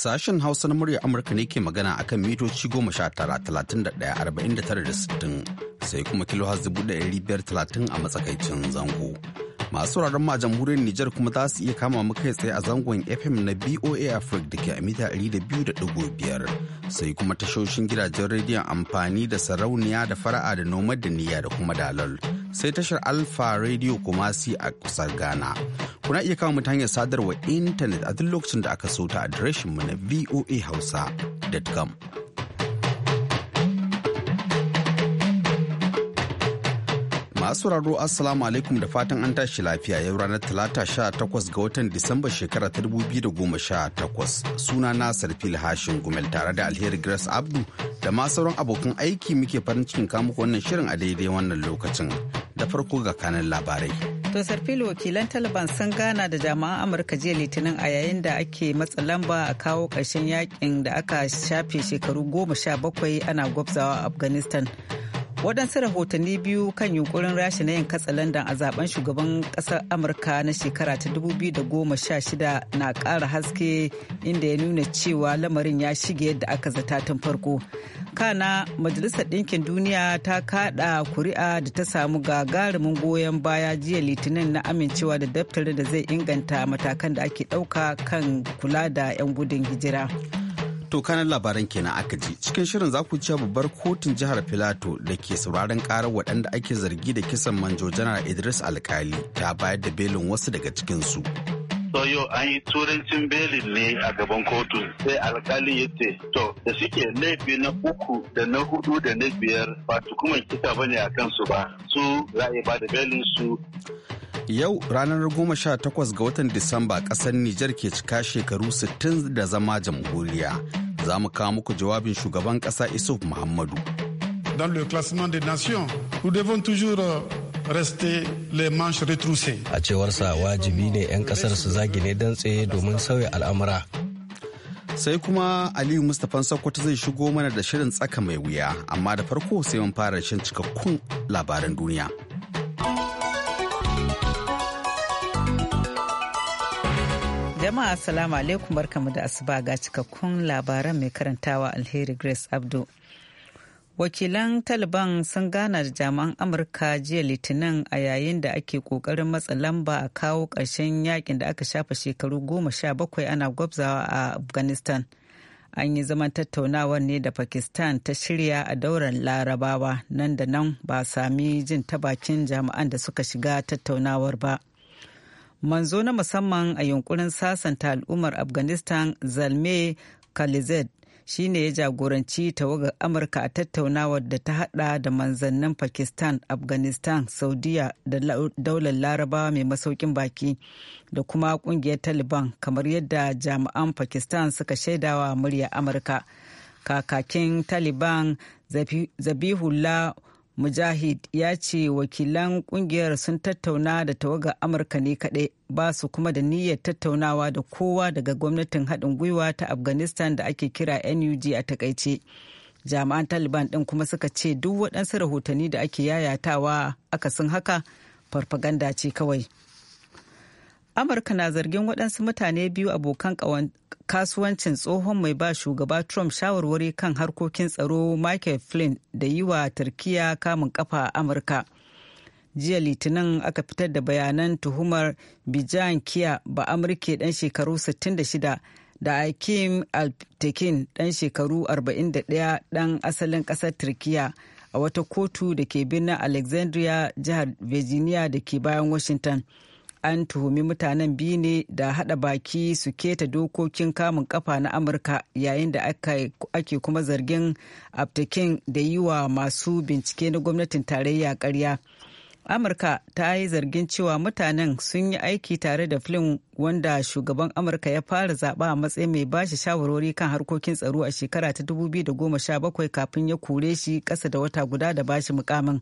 Sashen Hausa na murya Amurka ne ke magana a kan mitoci goma sha tara talatin da ɗaya da tara da sittin sai kuma kilo dubu ɗaya biyar talatin a matsakaicin zango. Masu sauraron ma jamhuriyar Nijar kuma za su iya kama mu kai tsaye a zangon FM na BOA Africa da ke a mita 200.5 sai kuma tashoshin gidajen rediyon amfani da sarauniya da fara'a da nomad da niyya da kuma dalol. sai tashar Alpha Radio Kumasi a kusar Ghana. Kuna iya mu ta hanyar sadarwa intanet a duk lokacin da aka so ta mu na voahausa.com. sauraro Assalamu alaikum da fatan an tashi lafiya yau ranar Talata sha 18 ga watan Disamba shekara ta dubu biyu da goma sha 2018 suna na Sarfil Hashin Gumel tare da Alheri Grace Abdu da ma sauran abokan aiki muke farin cikin kamuka wannan shirin a daidai wannan lokacin da farko ga kanan labarai. To sarfil wakilan Taliban sun gana da jama'an Amurka jiya Litinin a yayin da ake matsa lamba a kawo karshen yakin da aka shafe shekaru goma sha bakwai ana gwabzawa Afghanistan. waɗansu rahotanni biyu kan yunkurin rasha na yin katsalandan a zaben shugaban ƙasar amurka na shekara ta 2016 na ƙara haske inda ya nuna cewa lamarin ya shige yadda aka zata tun farko kana majalisar ɗinkin duniya ta kaɗa kuri'a da ta samu gagarumin goyon baya jiya litinin na amincewa da daftarin da zai inganta matakan da ake ɗauka kan kula da 'yan gudun hijira. To kanan labaran kenan aka ji cikin shirin za ku ci babbar kotun jihar Filato da ke sauraron karar waɗanda ake zargi da kisan manjo janar Idris Alkali ta bayar da belin wasu daga cikinsu. so yau an yi turancin belin ne a gaban kotu sai alkali ya ce to da suke laifi na uku da na hudu da na biyar ba tukuman kisa bane a kansu ba su za a ba da belin su Yau ranar 18 ga watan Disamba ƙasar Nijar ke cika shekaru 60 da zama jamhuriya. Za mu kawo muku jawabin shugaban ƙasa Isuf Muhammadu. Dans le classement des nations, nous devons toujours euh, les manches retroussées. A cewarsa wajibi ne 'yan kasar su zagine tsaye domin sauya al'amura. Sai kuma Aliyu Mustapha Sokoto zai shigo mana da shirin tsaka mai wuya, amma da farko sai mun fara shan cikakkun labaran duniya. Jama'a salamu alaikum barkamu da asuba ga cikakkun labaran mai karantawa alheri Grace Abdu. Wakilan Taliban sun gana da jami'an Amurka jiya Litinin a yayin da ake kokarin matsa lamba a kawo ƙarshen yakin da aka shafa shekaru goma sha bakwai ana gwabzawa a Afghanistan. An yi zaman tattaunawar ne da Pakistan ta shirya a dauran larabawa nan da nan ba sami jin ta bakin jami'an da suka shiga tattaunawar ba. manzo na musamman a yunkurin sasanta al'ummar afghanistan zalme khalizad ne ya jagoranci tawagar amurka a tattaunawar da ta hada da manzannin pakistan afghanistan saudiya da daular larabawa mai masaukin baki da kuma kungiyar taliban kamar yadda jami'an pakistan suka shaidawa murya amurka kakakin taliban zabihullah Mujahid ya ce wakilan kungiyar sun tattauna da tawagar Amurka ne kaɗai ba su kuma da niyyar tattaunawa da kowa daga gwamnatin haɗin gwiwa ta Afghanistan da ake kira NUG a takaice. Jami'an Taliban ɗin kuma suka ce duk waɗansu rahotanni da ake yayatawa aka sun haka farfaganda ce kawai. Amurka na zargin waɗansu mutane biyu abokan kasuwancin tsohon mai ba shugaba trump shawarwari kan harkokin tsaro michael flynn da yi wa turkiya kamun kafa a amurka jiya litinin aka fitar da bayanan tuhumar bijan kiya ba amurke dan shekaru 66 da akim altekin dan shekaru 41 dan asalin kasar turkiya a wata kotu da ke birnin alexandria jihar virginia da ke bayan washington an tuhumi mutanen biyu ne da hada baki su keta dokokin kamun kafa na amurka yayin da ake kuma zargin aptekin da yi wa masu bincike na gwamnatin tarayya karya amurka ta yi zargin cewa mutanen sun yi aiki tare da flynn wanda shugaban amurka ya fara zaba a matsayin mai bashi shawarwari kan harkokin tsaro a shekara ta 2017 kafin ya kure shi kasa da wata guda da bashi mukamin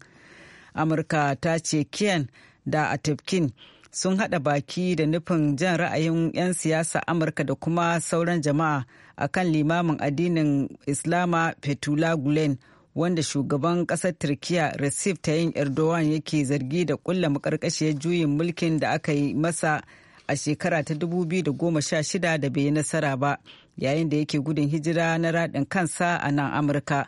amurka ta ce kiyan da atepkin sun haɗa baki da nufin jan ra'ayin 'yan siyasa amurka da kuma sauran jama'a a kan limamin addinin islama fetula gulen wanda shugaban ƙasar turkiya recep tayyip erdogan yake zargi da ƙulla makarkashiyar juyin mulkin da aka yi masa a shekara ta 2016 da bai yi nasara ba yayin da yake gudun hijira na raɗin kansa a nan amurka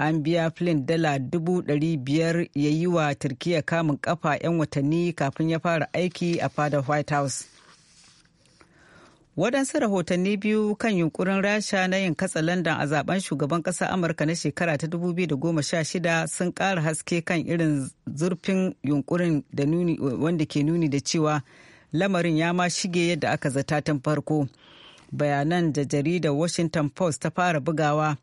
an biya flynn dala dubu dari biyar ya yi wa turkiya kamun kafa 'yan watanni kafin ya fara aiki a fadar white house waɗansu rahotanni biyu kan yunkurin rasha na yin katsa landan a zaben shugaban ƙasa amurka na shekara ta 2016 sun ƙara haske kan irin zurfin yunkurin da wanda ke nuni da cewa lamarin ya ma shige yadda aka zata tun farko bayanan da jaridar washington post ta fara bugawa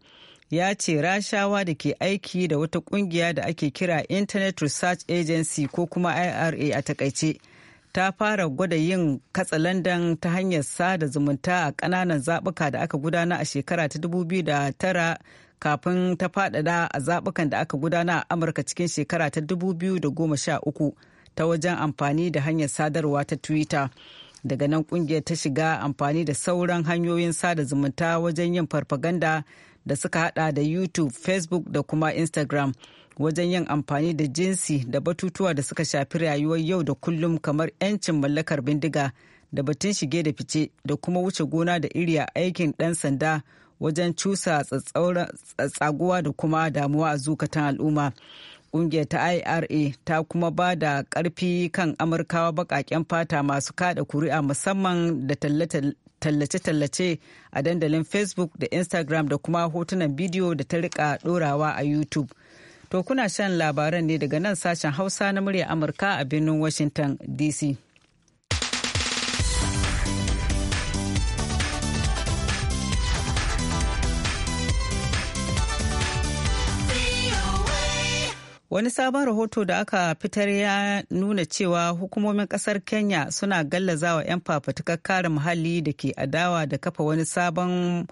ya ce rashawa da ke aiki da wata kungiya da ake kira internet research agency ko kuma ira a takaice ta fara gwada yin katsa katsalandan ta hanyar sada zumunta a kananan zabuka da aka gudana a shekara ta 2009 kafin ta faɗaɗa a zabukan da aka gudana a amurka cikin shekara ta 2013 ta wajen amfani da hanyar sadarwa ta twitter daga nan kungiyar ta shiga amfani da sauran hanyoyin sada zumunta wajen yin farfaganda da suka hada da youtube facebook da kuma instagram wajen yin amfani da jinsi da batutuwa da suka shafi rayuwar yau da kullum kamar 'yancin mallakar bindiga da batun shige da fice da kuma wuce gona da iri aikin ɗan sanda wajen cusa tsatsaguwa da kuma damuwa a zukatan al'umma ƙungiyar ta ira ta kuma ba da ƙarfi kan amurkawa baƙaƙen fata masu kaɗa kuri'a musamman da tallace-tallace a dandalin facebook da instagram da kuma hotunan bidiyo da ta rika dorawa a youtube to kuna shan labaran ne daga nan sashen hausa na murya amurka a birnin washington dc Wani sabon rahoto da aka fitar ya nuna cewa hukumomin kasar Kenya suna gallazawa 'yan fafutukar kare muhalli da ke adawa da kafa wani sabon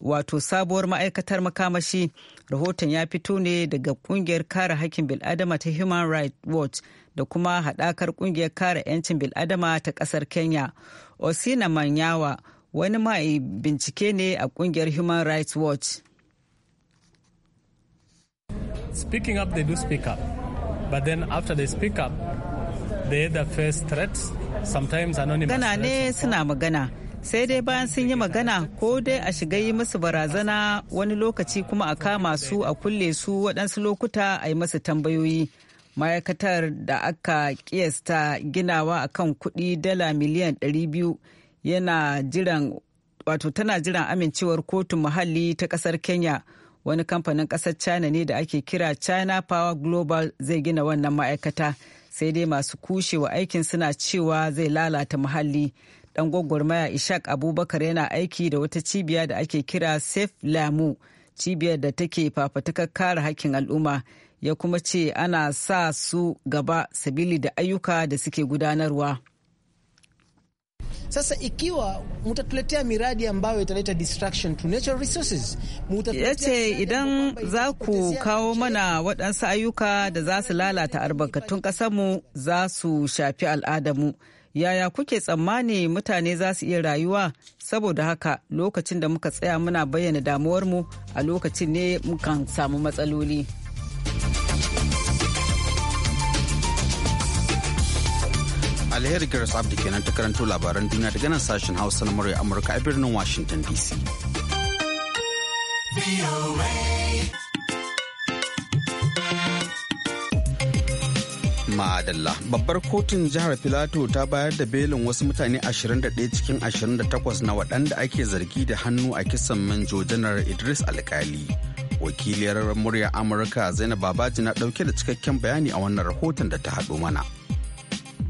wato sabuwar ma'aikatar makamashi. Rahoton ya fito ne daga kungiyar kare hakkin bil'adama ta Human Rights Watch da kuma haɗakar kungiyar kare 'yancin bil'adama ta ƙasar Kenya. Osina Manyawa wani mai bincike ne a kungiyar Human Rights Watch. Speaking up, they do speak up. But then after they speak up, they either face threats, sometimes anonymous Gana ne suna magana. Sai dai bayan sun yi magana ko dai a shiga yi musu barazana wani lokaci kuma a kama su a kulle su waɗansu lokuta a yi masu tambayoyi. Ma'aikatar da aka kiyasta ginawa a kan kuɗi dala miliyan 200 yana jiran wato tana jiran amincewar kotun muhalli ta ƙasar Kenya. wani kamfanin kasar china ne da ake kira china power global zai gina wannan ma'aikata sai dai masu kushewa aikin suna cewa zai lalata muhalli dan gwagwarmaya ishaq abubakar yana aiki da wata cibiya da ake kira safe lamu cibiyar da take fafatakar kare hakkin al'umma ya kuma ce ana sa su gaba sabili da ayyuka da suke gudanarwa. Sasa ikiwa mutatuletea miradi ambayo italeta distraction to natural resources, yace idan za ku kawo mana waɗansu ayyuka da za su lalata albarkatun ƙasarmu za su shafi al'adamu. Yaya kuke tsammani mutane za su iya rayuwa? Saboda haka lokacin da muka tsaya muna bayyana damuwarmu a lokacin ne mukan samu matsaloli. alheri Grace Abdi kenan ta karanto labaran duniya daga nan sashen Hausa na murya Amurka a birnin Washington DC. Madalla babbar kotun jihar Filato ta bayar da belin wasu mutane 21 cikin 28 na waɗanda ake zargi da hannu a kisan manjo janar Idris Alkali. Wakiliyar murya Amurka Zainab Babaji na ɗauke da cikakken bayani a wannan rahoton da ta haɗo mana.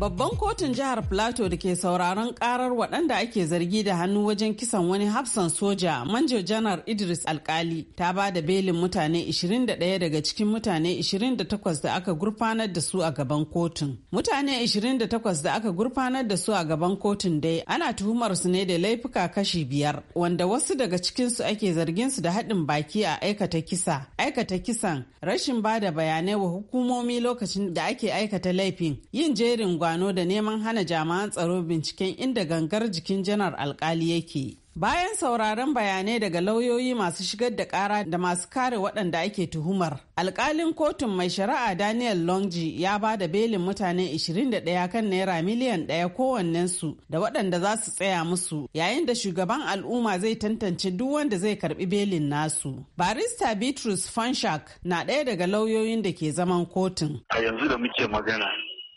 Babban kotun jihar Plateau da ke sauraron karar waɗanda ake zargi da hannu wajen kisan wani hafsan soja manjo janar Idris Alkali ta ba da belin mutane 21 daga cikin mutane 28 da aka gurfanar da su a gaban kotun. Mutane 28 da aka gurfanar da su a gaban kotun dai ana tuhumar su ne da laifuka kashi biyar wanda wasu daga cikinsu ake zargin su da haɗin baki a aikata kisa. Aikata kisan rashin ba da bayanai wa hukumomi lokacin da ake aikata laifin yin jerin gwa kwano da neman hana jama'an tsaro binciken inda gangar jikin janar alkali yake. Bayan sauraron bayanai daga lauyoyi masu shigar da kara da masu kare waɗanda ake tuhumar, alkalin kotun mai shari'a Daniel Longji ya ba da belin mutane 21 kan naira miliyan ɗaya su da waɗanda za su tsaya musu yayin da shugaban al'umma zai tantance duk wanda zai karbi belin nasu. Barista Bitrus Fanshak na ɗaya daga lauyoyin da ke zaman kotun. A yanzu da muke magana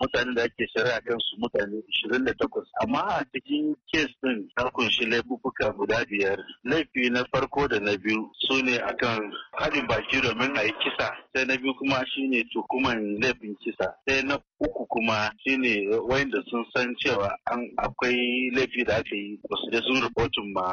mutanen da ake shari'a kan su mutane 28 amma a cikin kes din ta kunshi laifuka guda biyar laifi na farko da na biyu su ne akan haɗin baki domin a yi kisa sai na biyu kuma shine tukuman laifin kisa sai na uku kuma shine wanda sun san cewa an akwai laifi da aka yi ba su je sun rubutun ma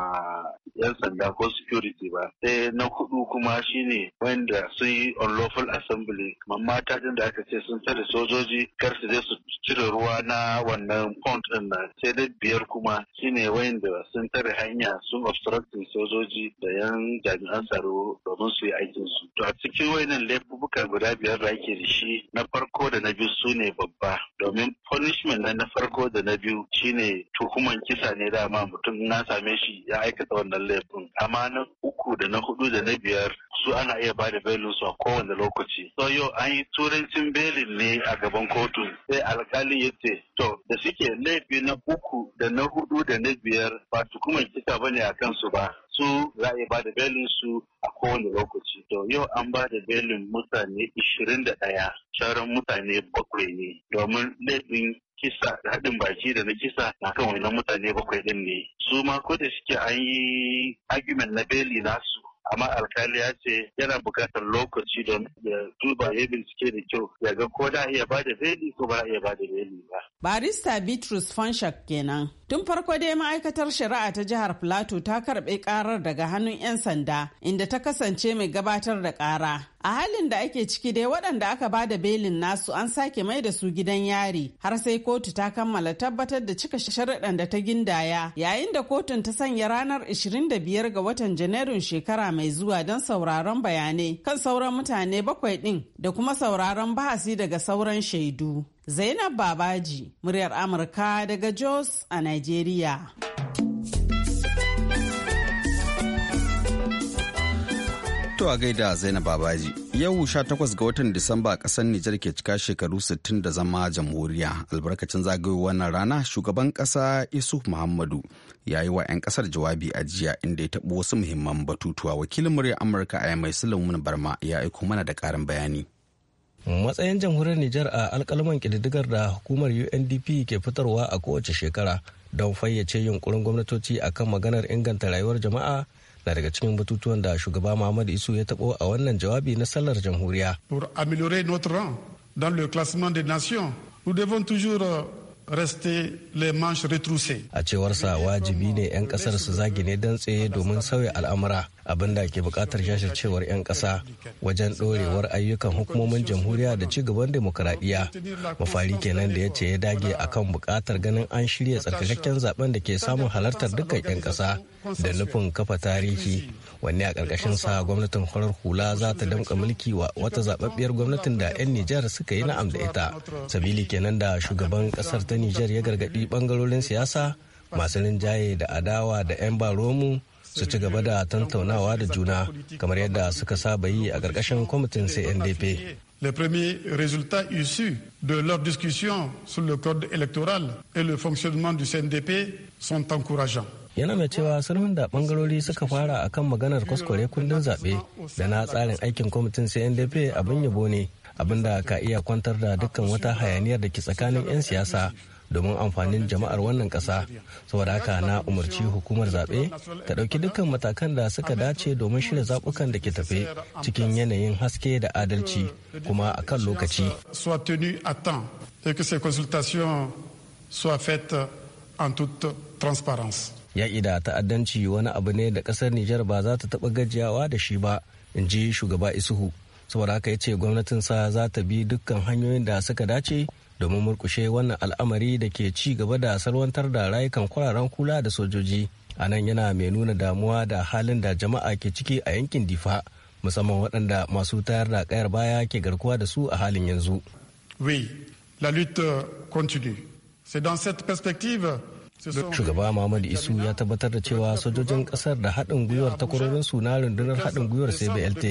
'yan sanda ko security ba sai na hudu kuma shine wanda sun yi unlawful assembly Mamma mata din da aka ce sun tare sojoji kar su je su cire ruwa na wannan pond din na sai da biyar kuma shine wanda sun tare hanya sun obstructing sojoji da 'yan jami'an tsaro domin su yi aikin su to a cikin wayannan laifuka guda biyar da ake da shi na farko da na biyu su babba domin punishment na na farko da na biyu shine tuhuman kisa ne dama mutum na same shi ya aikata wannan laifin uku da na hudu da na biyar su ana iya ba da belin su a kowane lokaci so yau an yi turancin belin ne a gaban kotu sai alkali ya ce to da suke laifi na uku da na hudu da na biyar ba su kuma tukuman ba ne a kansu ba su za a iya ba da belin su a kowane lokaci to yau an ba da belin mutane 21 sauran mutane bakwai ne domin laifin kisa da haɗin baki da na kisa na kan wannan mutane bakwai ɗin ne su ma ko da suke an yi argument na beli nasu amma alkali ya ce yana bukatar lokaci don ya duba ya bincike da kyau ya ga ko da iya bada beli ko ba iya ba da beli ba Barista Bitrus Fonshak kenan. Tun farko dai ma'aikatar shari'a ta jihar Plateau ta karɓi ƙarar daga hannun 'yan sanda inda ta kasance mai gabatar da ƙara. A halin da ake ciki dai waɗanda aka ba da belin nasu an sake mai da su gidan yari har sai kotu ta kammala tabbatar da cika sharaɗan da ta gindaya yayin da kotun ta sanya ranar 25 ga watan Janairun shekara mai zuwa don sauraron bayanai kan sauran mutane bakwai ɗin da kuma sauraron bahasi daga sauran shaidu. Zainab Babaji, muryar Amurka daga Jos a Najeriya. To a gaida Zainab Babaji, yau 18 ga watan Disamba kasar Nijar ke cika shekaru 60 da zama jamhuriya. Albarkacin zagayowar wannan rana shugaban kasa Isuf Muhammadu ya yi wa 'yan kasar jawabi a jiya inda ya taɓa wasu muhimman batutuwa. Wakilin muryar Amurka a mai Sulaimun Barma ya aiko mana da ƙarin bayani. matsayin jamhuriyar Nijar a alkalaman kididdigar da hukumar UNDP ke fitarwa a kowace shekara don fayyace yunkurin gwamnatoci akan maganar inganta rayuwar jama'a na daga cikin batutuwan da shugaba Muhammadu Isu ya tabo a wannan jawabi na sallar jamhuriya. Pour améliorer notre rang le classement des nations, nous devons euh, A cewarsa wajibi ne 'yan kasar su zagine tsaye domin sauya al'amura abin da ke buƙatar shashircewar 'yan ƙasa wajen ɗorewar ayyukan hukumomin jamhuriya da ci gaban demokuraɗiyya mafari kenan da ya ce ya dage a kan bukatar ganin an shirya tsarkakakken zaben da ke samun halartar dukkan 'yan ƙasa da nufin kafa tarihi wanne a ƙarƙashin sa gwamnatin farar hula za ta damƙa mulki wa wata zababbiyar gwamnatin da 'yan Nijar suka yi na'am da ita sabili kenan da shugaban ƙasar ta Nijar ya gargaɗi ɓangarorin siyasa masu rinjaye da adawa da 'yan baromu su ci gaba da tattaunawa da juna kamar yadda suka saba yi a ƙarƙashin kwamitin CNDP. Les premiers résultats issus de leur discussion sur le code électoral et le fonctionnement du CNDP sont encourageants. Yana mai cewa sulhun da bangarori suka fara akan maganar kwaskware kundin zaɓe da na tsarin aikin kwamitin CNDP abin yabo ne abin da ka iya kwantar da dukkan wata hayaniyar da ke tsakanin 'yan siyasa domin amfanin jama'ar wannan ƙasa saboda haka na umarci hukumar zaɓe ta ɗauki dukkan matakan da suka dace domin shirya zaɓukan da ke tafe cikin yanayin haske da adalci kuma a kan lokaci. Yaƙi da ta'addanci wani abu ne da ƙasar Nijar ba za ta taɓa gajiyawa da shi ba, in ji shugaba Isuhu. saboda haka ya ce gwamnatinsa za ta bi dukkan hanyoyin da suka dace domin murkushe wannan al'amari da ke ci gaba da salwantar da rayukan kwararen kula da sojoji a nan yana mai nuna damuwa da halin da jama'a ke ciki a yankin difa musamman waɗanda masu tayar da kayar baya ke garkuwa da su a halin yanzu. Oui, shugaba muhammadu isu ya tabbatar da cewa sojojin kasar da haɗin gwiwar takwarorinsu na rundunar haɗin gwiwar cblt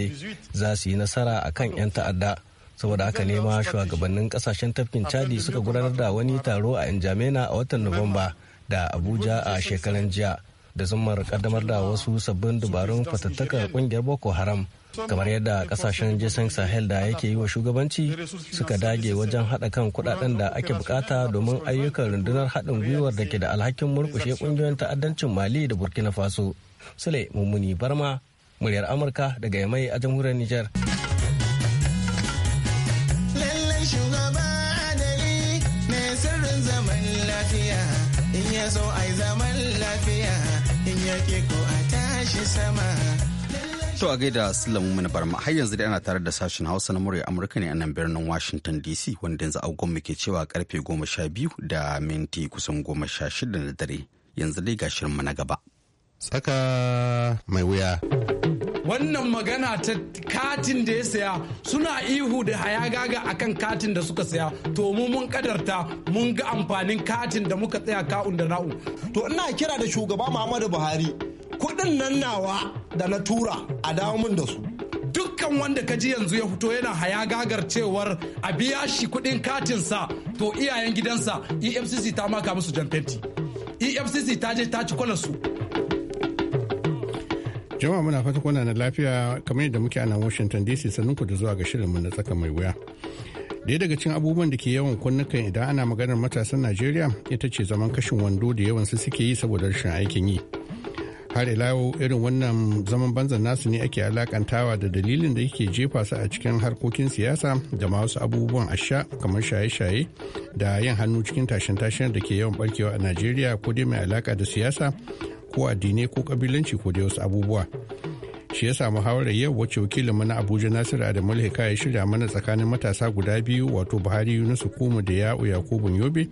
za su yi nasara a kan 'yan ta'adda saboda haka nema shugabannin kasashen tafkin chadi suka gudanar da wani taro a injamena a watan nuwamba da abuja a shekaran jiya da zumar kaddamar da wasu sabbin dabarun fatattakar kungiyar boko haram kamar yadda kasashen jason sahel da yake yi wa shugabanci suka dage wajen hada kan kuɗaɗen da ake bukata domin ayyukan rundunar haɗin gwiwar da ke da alhakin murkushe kungiyoyin ta'addancin mali da burkina faso sule mummuni barma muryar amurka daga yamai a jamhuriyar niger sama To a gaida Sulamu mana barma har yanzu dai ana tare da sashen Hausa na murya Amurka ne a nan birnin Washington DC wanda yanzu agon muke cewa karfe goma sha biyu da minti kusan goma sha shida da dare yanzu dai gashirin mu na gaba. saka mai wuya. Wannan magana ta katin da ya saya suna ihu da hayagaga akan katin da suka saya to mu mun kadarta mun ga amfanin katin da muka tsaya ka'un da na'u. To ina kira da shugaba Muhammadu Buhari kuɗin nan nawa da na tura a dawo min da su dukkan wanda ka ji yanzu ya fito yana hayagagar cewar a biya shi kuɗin katinsa to iyayen gidansa efcc ta maka musu jan fenti efcc ta je ta ci kwalarsu jama'a muna fata kuna na lafiya kamar yadda muke a washington dc sannan ku da zuwa ga shirinmu na tsaka mai wuya daya daga cikin abubuwan da ke yawan kunnukan idan ana maganar matasan najeriya ita ce zaman kashin wando da yawan su suke yi saboda rashin aikin yi har ila irin wannan zaman banzan nasu ne ake alakantawa da dalilin da yake jefa su a cikin harkokin siyasa da ma wasu abubuwan asha kamar shaye-shaye da yin hannu cikin tashin-tashin da ke yawan barkewa a najeriya ko dai mai alaka da siyasa ko addinai ko kabilanci ko dai wasu abubuwa shi ya samu hawarar yau wacce wakilin na abuja nasiru adamu ya shirya mana tsakanin matasa guda biyu wato buhari yunusu kuma da ya'u yakubu yobe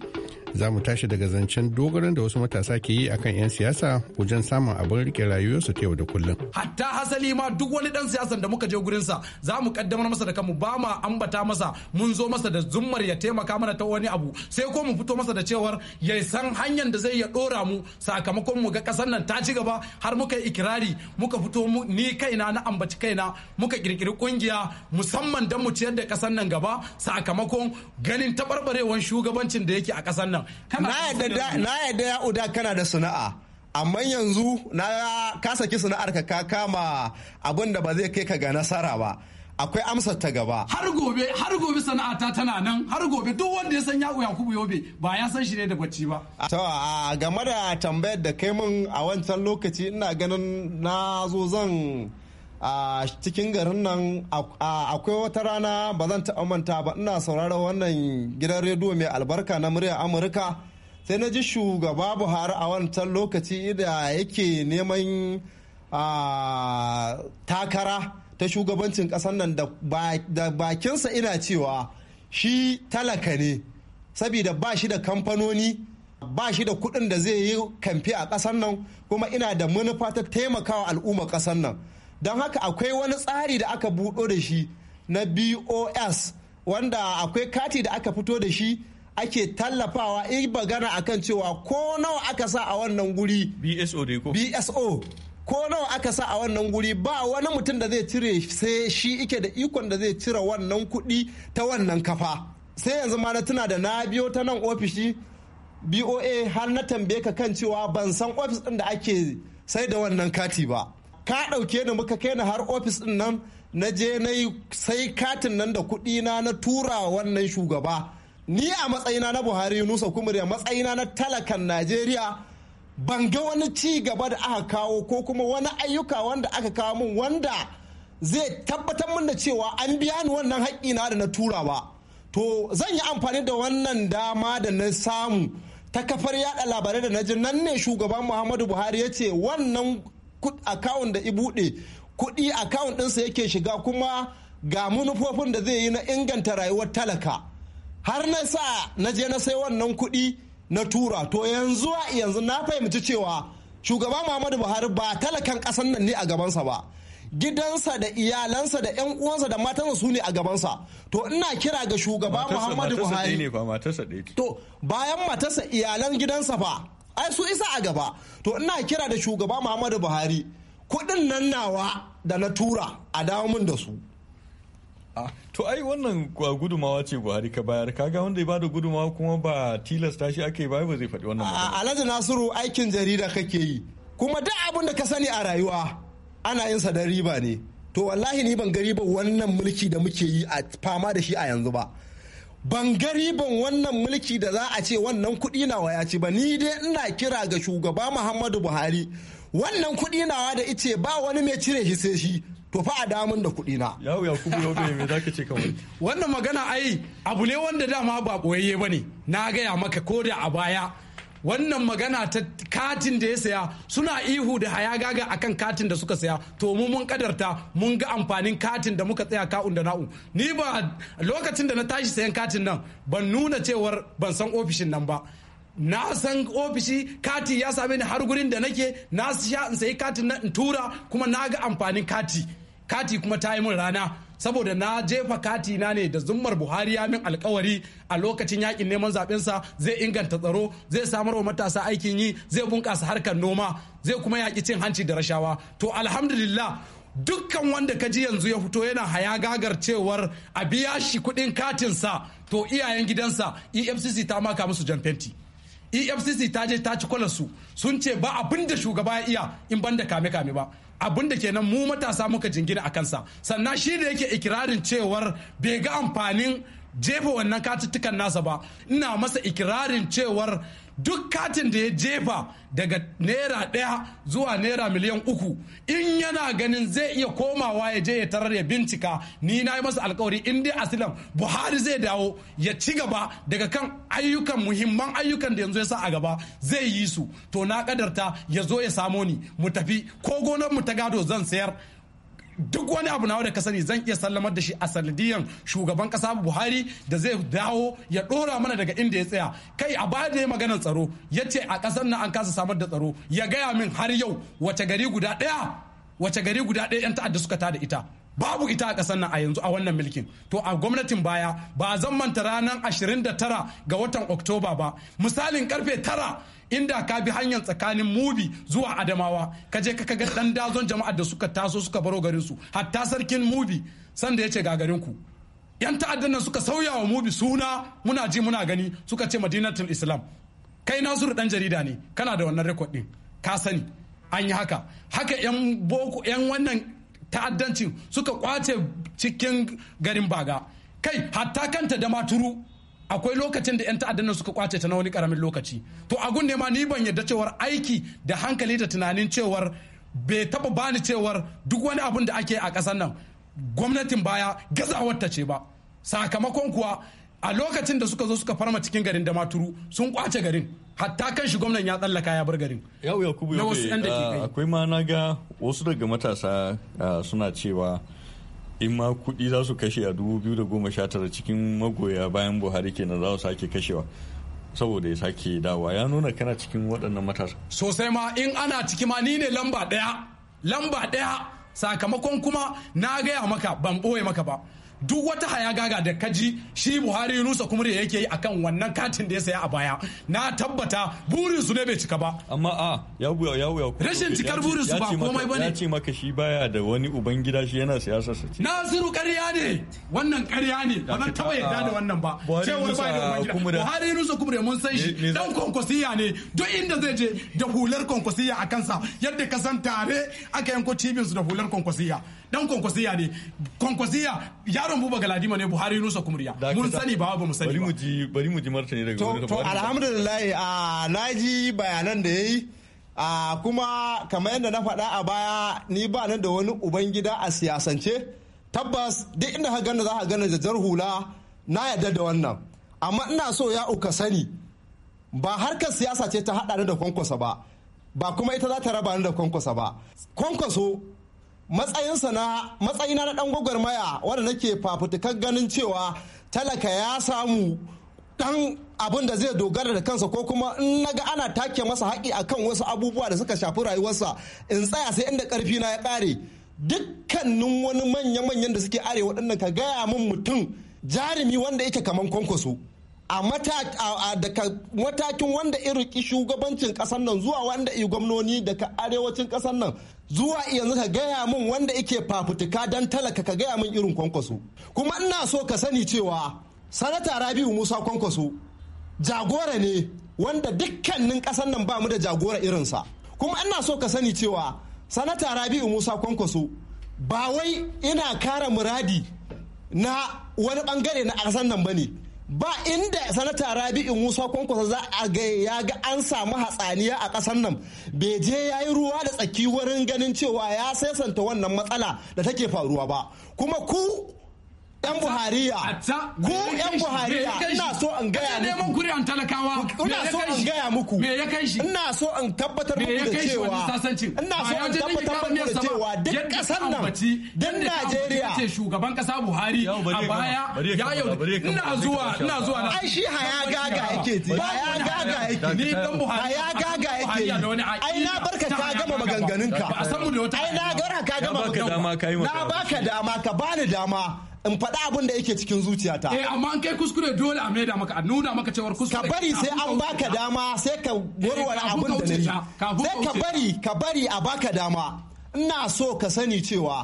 za mu tashi daga zancen dogaron da wasu matasa ke yi akan 'yan siyasa wajen samun abin rike rayuwarsu ta yau da kullum. Hatta hasali ma duk wani dan siyasan da muka je gurin sa za mu kaddamar masa da kanmu ba ma ambata masa mun zo masa da zummar ya taimaka mana ta wani abu sai ko mu fito masa da cewar ya san hanyar da zai ya dora mu sakamakon mu ga kasar nan ta ci gaba har muka yi ikirari muka fito ni kaina na ambaci kaina muka kirkiri kungiya musamman don mu ciyar da kasar nan gaba sakamakon ganin tabarbarewan shugabancin da yake a kasar nan wannan. na yadda ya uda kana da sana'a amma yanzu na ka saki sana'ar ka kama abin da ba zai kai ka ga nasara ba akwai amsar ta gaba har gobe har gobe sana'ata tana nan har gobe duk wanda ya san yaku yaku yobe ba ya san shi ne da bacci ba to a game da tambayar da kai mun a wancan lokaci ina ganin na zo zan a cikin garin nan akwai wata rana ba zan taɓa manta ba ina sauraron wannan gidan rediyo mai albarka na murya amurka sai na ji shugaba buhari a wancan lokaci da yake neman takara ta shugabancin ƙasar nan da bakinsa ina cewa shi talaka ne saboda ba shi da kamfanoni ba shi da kuɗin da zai yi kamfe a ƙasar nan kuma ina da manufa ta taimakawa al'umma ƙasar nan don haka akwai wani tsari da aka buɗo da shi na bos wanda akwai kati da aka fito da shi ake tallafawa in bagana akan cewa ko nawa aka sa a wannan guri bso da ko bso ko nawa aka sa a wannan guri ba wani mutum da zai cire sai shi ike da ikon da zai cire wannan kuɗi ta wannan kafa sai yanzu ma na tuna da na biyo ta nan ofishi boa har na tambaye ka kan cewa ban san ofis ɗin da ake sai da wannan kati ba ka ɗauke ni muka kai ni har ofis ɗin nan na je na yi sai katin nan da kuɗi na na tura wannan shugaba ni a matsayina na buhari nusa kumuri a matsayina na talakan najeriya ban ga wani ci gaba da aka kawo ko kuma wani ayyuka wanda aka kawo min wanda zai tabbatar min da cewa an biya ni wannan na da na tura ba to zan yi amfani da wannan dama da na samu ta kafar yada labarai da na ji nan ne shugaban muhammadu buhari ya ce wannan akawun da ibuɗe kuɗi akawun ɗinsa yake shiga kuma ga manufofin da zai yi na inganta rayuwar talaka har na sa na je na sai wannan kuɗi na tura to yanzu yanzu na fahimci cewa shugaba muhammadu buhari ba talakan ƙasar nan ne a gabansa ba gidansa da iyalansa da yan uwansa da matansa su ne a gabansa to ina kira ga shugaba muhammadu buhari to bayan matarsa iyalan gidansa fa ai su isa a gaba to ina kira da shugaba muhammadu buhari kudin nan nawa da na tura a dawo min da su ah, to ai wannan gudumawa ce buhari ka bayar kaga wanda ya bada gudumawa kuma ba tilasta shi ake ba ba zai faɗi wannan alhaji nasiru aikin jarida kake yi kuma duk abin da ka sani a rayuwa ana yin sa da riba ne to wallahi ni ban gari ba wannan mulki da muke yi a fama da shi a yanzu ba ban ga riban wannan mulki da za a ce wannan kuɗi nawa ya ci ba ni dai ina kira ga shugaba muhammadu buhari wannan kuɗi nawa da ice ba wani mai cire shi sai shi to fa a damun da kuɗi na yawo ya kuma yau me ka ce kawai wannan magana ai abu ne wanda dama ba boyayye bane na gaya maka ko da a baya wannan magana ta katin da ya saya suna ihu da hayagaga akan katin da suka saya to mu mun kadarta mun ga amfanin katin da muka tsaya ka'un da na'u ni ba lokacin da na tashi sayan katin nan ban nuna cewar ban san ofishin nan ba na san ofishi kati ya same ni har gurin da nake na sha in sayi katin nan in tura kuma na ga amfanin kati kati kuma ta yi min rana saboda na jefa kati na ne da zummar buhari ya min alkawari a lokacin yakin neman zaɓensa zai inganta tsaro zai samar wa matasa aikin yi zai bunƙasa harkar noma zai kuma yaƙi cin hanci da rashawa to alhamdulillah dukkan wanda ka ji yanzu ya fito yana hayagagar cewar a biya shi kuɗin katinsa to iyayen gidansa efcc ta maka musu jan fenti efcc ta je ta ci kwalarsu sun ce ba abin da shugaba ya iya in ban da kame-kame ba abin da kenan mu matasa muka jingina a kansa sannan shi da yake ikirarin cewar bai ga amfanin jefa wannan katuttukan nasa ba ina masa ikirarin cewar duk katin da ya jefa daga naira ɗaya zuwa naira miliyan uku in yana ganin zai iya komawa ya je ya tarar ya bincika ni na yi masa alkawari in dai asilan buhari zai dawo ya ci gaba daga kan ayyukan muhimman ayyukan da yanzu ya sa a gaba zai yi su to na kadarta ya zo ya samo ni mu tafi ko gonar mu ta gado zan sayar duk wani abu nawa da ka zan iya sallamar da shi a sanadiyan shugaban kasa buhari da zai dawo ya dora mana daga inda ya tsaya kai a baya da ya maganar tsaro ya ce a kasar nan an kasa samar da tsaro ya gaya min har yau wace gari guda daya wace gari guda daya yan ta'adda suka tada ita babu ita a ƙasar nan a yanzu a wannan mulkin to a gwamnatin baya ba a zan manta ranar 29 ga watan oktoba ba misalin karfe tara inda ka bi hanyar tsakanin mubi zuwa adamawa ka je ka ga dan dazon jama'ar da suka taso suka baro garin su hatta sarkin mubi sanda ya ce ga garin ku yan ta'addan nan suka sauya wa mubi suna muna ji muna gani suka ce madinatul islam kai nasiru dan jarida ne kana da wannan rekod din ka sani an yi haka haka yan boko yan wannan Ta'addanci suka kwace cikin garin baga kai hatta kanta da maturu akwai lokacin da 'yan ta'addan suka kwace ta na wani karamin lokaci to agun ne ma ni ban yarda cewar aiki da hankali da tunanin cewar bai taba bani cewar duk wani abun da ake a ƙasar nan gwamnatin baya gazawar ta ce ba sakamakon kuwa a lokacin da suka zo suka farma cikin garin da maturu sun kwace garin hatta kan shi gwamnan ya tsallaka ya bar garin yau ya kubu eh, eh, akwai ma na ga wasu daga matasa eh, suna cewa in ma kuɗi za su kashe a 2019 cikin magoya bayan buhari kenan za su sake kashewa saboda ya sake dawa ya nuna kana cikin waɗannan matasa sosai ma in ana ciki ma ni ne lamba ɗaya lamba ɗaya sakamakon kuma na gaya maka ban ɓoye maka ba duk wata hayagaga da kaji shi buhari yunusa kuma da yake yi akan wannan katin da ya saya a baya na tabbata burin su ne bai cika ba amma a ya buya ya buya rashin cikar burin su ba komai bane ya ce maka shi baya da wani uban gida shi yana siyasa sa ce nasiru ƙarya ne wannan ƙarya ne ba zan taba yarda da wannan ba cewar ba da uban gida buhari yunusa kuma da mun san shi dan konkosiya ne duk inda zai je da hular konkosiya a kansa yadda ka san tare aka yanko cibinsu da hular konkosiya. dan kwankwasiya ne kwankwasiya yaron buba galadima ne buhari nusa kumriya mun sani ba ba mu sani bari mu ji bari mu ji martani daga to, to alhamdulillah a ah, naji bayanan da yayi a ah, kuma kamar yadda na faɗa a baya ni ba nan da wani ubangida a siyasance tabbas duk inda ka gana za ka gana jajar hula na yadda da wannan amma ina so ya uka sani ba harkar siyasa ce ta haɗa ni da kwankwasa ba ba kuma ita za ta raba ni da kwankwasa ba kwankwaso matsayinsa na matsayina na dan gwagwarmaya wanda nake fafutukar ganin cewa talaka ya samu dan abin da zai dogara da kansa ko kuma in naga ana take masa haƙi akan wasu abubuwa da suka shafi rayuwarsa in tsaya sai inda karfi na ya ƙare dukkanin wani manya-manyan da suke arewa waɗannan ka gaya min mutum jarumi wanda yake kaman kwankwaso a matakin wanda irin shugabancin kasan nan zuwa wanda iya gwamnoni daga arewacin kasar nan zuwa yanzu ka gaya min wanda yake fafutuka don talaka ka gaya min irin kwankwaso kuma ina so ka sani cewa sanata rabiu musa kwankwaso jagora ne wanda dukkanin ƙasar nan ba mu da jagora irinsa kuma ina so ka sani cewa sanata rabiu musa kwankwaso ba wai ina kara muradi na wani bangare na ƙasar nan ba ne ba inda sanata rabi'u musa kwankwasa za a ga ya ga an samu hatsaniya a ƙasar nan bai je ya yi ruwa da tsaki wurin ganin cewa ya saisanta wannan matsala da take faruwa ba kuma ku yan buhariya ku yan buhariya ina so in gaya muku kuri'an talakawa ina so in gaya muku me ya kai shi ina so in tabbatar muku da cewa ina so in tabbatar muku da cewa duk kasar nan duk Najeriya ce shugaban kasa Buhari a baya ya yau ina zuwa ina zuwa na ai shi haya gaga yake ce haya gaga yake ni dan Buhari haya gaga yake ai na barka ka gama maganganunka ai na barka ka gama maganganunka na baka dama ka bani dama in faɗa abin da yake cikin zuciyata eh amma an kai kuskure dole a maida maka a nuna maka cewar kuskure ka bari sai an baka dama sai ka warware eh, abin da nayi sai ka bari ka bari a baka dama ina so ka sani cewa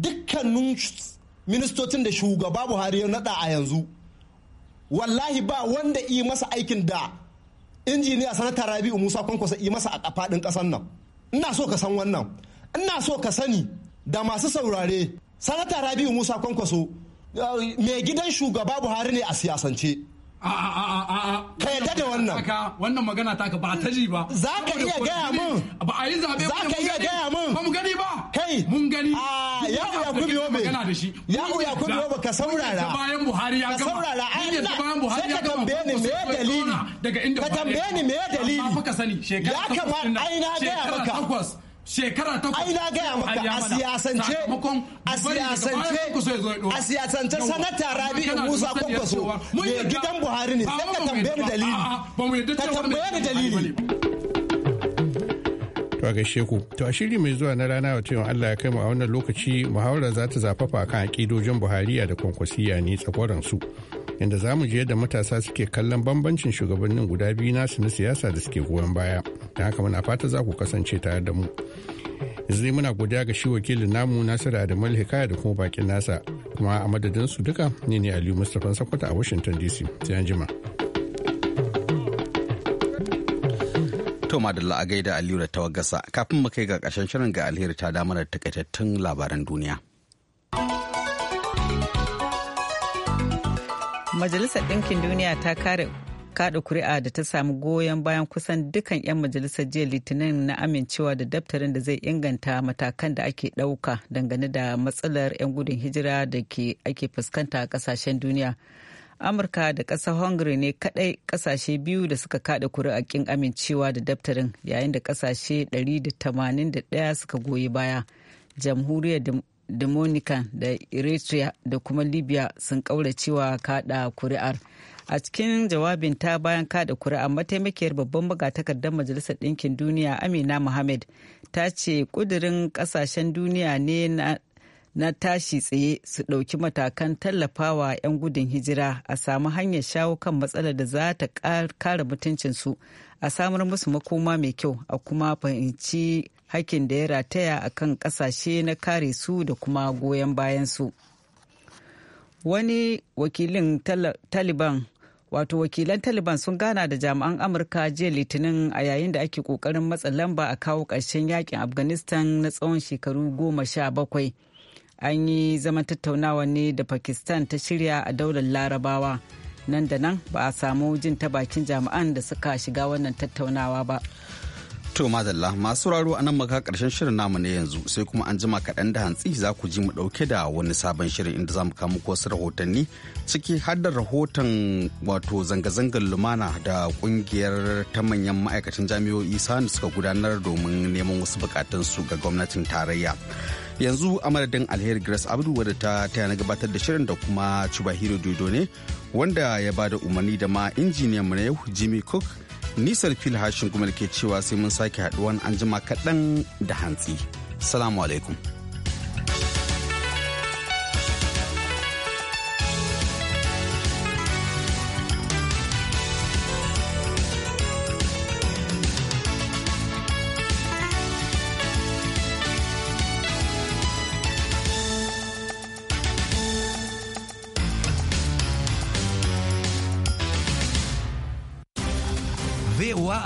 dukkanin ministocin da shugaba Buhari ya nada a yanzu wallahi ba wanda yi masa aikin da injiniya sanata Rabi'u Musa Kwankwasa yi masa a faɗin kasan nan ina so ka san wannan ina so ka sani da masu saurare sanata Rabi'u Musa Kwankwaso mai gidan shugaba buhari ne a siyasance ka yadda da wannan wannan magana ta ka ba ta ji ba za ka iya gaya mun ba a yi zaɓe za ka iya gaya mun ba mu gani ba kai mun gani ya uya kubi obe ya uya kubi obe ka saurara ka bayan buhari ya gama Ka saurara ai na, sai ka tambaye ni me dalili ka tambaye ni me dalili ya ka ai aina gaya maka shekara ta kuma na gaya maka a siyasance a siyasance a siyasance sanata in musa So, mai gidan buhari ne sai ka tambaye ni dalili ka tambaye ni dalili To gaishe ku. To a shiri mai zuwa na rana wato yawan Allah ya kai mu a wannan lokaci muhawarar za ta zafafa kan akidojin Buhariya da kwankwasiya ne tsakwaran su. Inda za mu je yadda matasa suke kallon bambancin shugabannin guda biyu nasu na siyasa da suke goyon baya. Da haka muna fata za ku kasance tare da mu. yanzu muna godiya ga shi wakilin namu nasiru adamal hikaya da kuma bakin nasa kuma a madadinsu duka ne ne aliyu mustapha sakwata a washington dc sai an jima. To madalla a gaida Aliyu da tawaggasa kafin mu kai ga ƙarshen shirin ga alheri ta damar da takaitattun labaran duniya. Majalisar Ɗinkin Duniya ta kare kada kuri'a da ta samu goyon bayan kusan dukan 'yan majalisar jiya litinin na amincewa da daftarin da zai inganta matakan da ake ɗauka dangane da matsalar 'yan gudun hijira da ake fuskanta a kasashen duniya. amurka da ƙasar hungary ne kaɗai ƙasashe biyu da suka kaɗa kuri'a kin amincewa da daftarin yayin da ƙasashe 181 suka goyi baya jamhuriyar dominican da eritrea da kuma libya sun ƙauracewa kaɗa kuri'ar a cikin jawabin ta bayan kada kuri'a mataimakiyar babban magatakardar majalisar ɗinkin duniya amina mohammed ta ce ƙudurin ƙasashen duniya ne na tashi tsaye su ɗauki matakan tallafawa 'yan gudun hijira a samu hanyar shawo kan matsalar da za ta kare mutuncinsu a samar musu makoma mai kyau a kuma fahimci hakkin da ya rataya a kan ƙasashe na kare su da kuma goyon bayansu wani wakilin taliban wato wakilan taliban sun gana da jami'an amurka jiya litinin a yayin da ake kokarin matsa lamba a kawo ƙarshen yakin afghanistan na tsawon shekaru goma sha bakwai an yi zaman tattaunawa ne da pakistan ta shirya a daular larabawa nan da nan ba a samu jin ta bakin jami'an da suka shiga wannan tattaunawa ba to madalla masu raro a nan maka karshen shirin namu ne yanzu sai kuma an jima kaɗan da hantsi za ku ji mu ɗauke da wani sabon shirin inda za mu kamu wasu rahotanni ciki har da rahoton wato zanga-zangar lumana da kungiyar ta manyan ma'aikatan jami'o'i sani suka gudanar domin neman wasu bukatunsu ga gwamnatin tarayya. yanzu a madadin alheri grace abdu wadda ta taya na gabatar da shirin da kuma hiro dodo ne wanda ya ba da umarni da ma injiniyan mu na yau jimmy cook nisar fil hashin kuma ke cewa sai mun sake haduwan anjima kaɗan da hantsi salamu alaikum